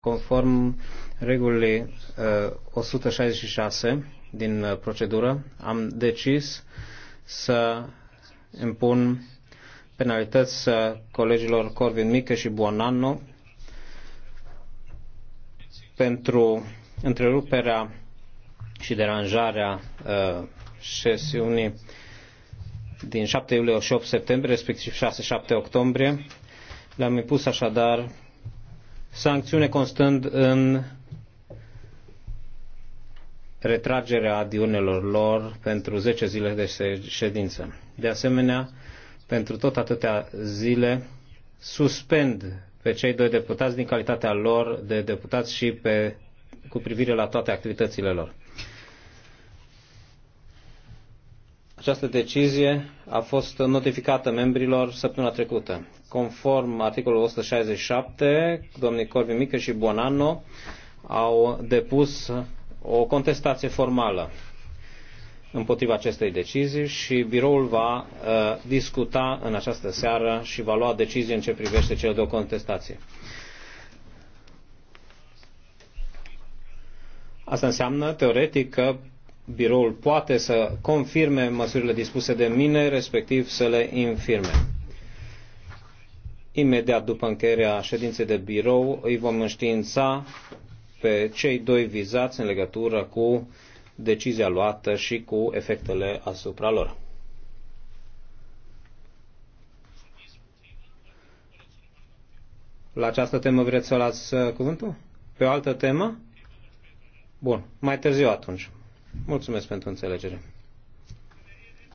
conform regulii 166 uh, din uh, procedură, am decis să impun penalități uh, colegilor Corvin Mică și Buonanno pentru întreruperea și deranjarea sesiunii din 7 iulie și 8 septembrie, respectiv 6-7 octombrie. Le-am impus așadar sancțiune constând în retragerea adiunelor lor pentru 10 zile de ședință. De asemenea, pentru tot atâtea zile, suspend pe cei doi deputați din calitatea lor de deputați și pe, cu privire la toate activitățile lor. Această decizie a fost notificată membrilor săptămâna trecută. Conform articolul 167, domnii Corvi Mică și Bonanno au depus o contestație formală împotriva acestei decizii și biroul va uh, discuta în această seară și va lua decizie în ce privește cele două contestații. Asta înseamnă, teoretic, că biroul poate să confirme măsurile dispuse de mine, respectiv să le infirme. Imediat după încheierea ședinței de birou îi vom înștiința pe cei doi vizați în legătură cu decizia luată și cu efectele asupra lor. La această temă vreți să luați uh, cuvântul? Pe o altă temă? Bun, mai târziu atunci. Mulțumesc pentru înțelegere.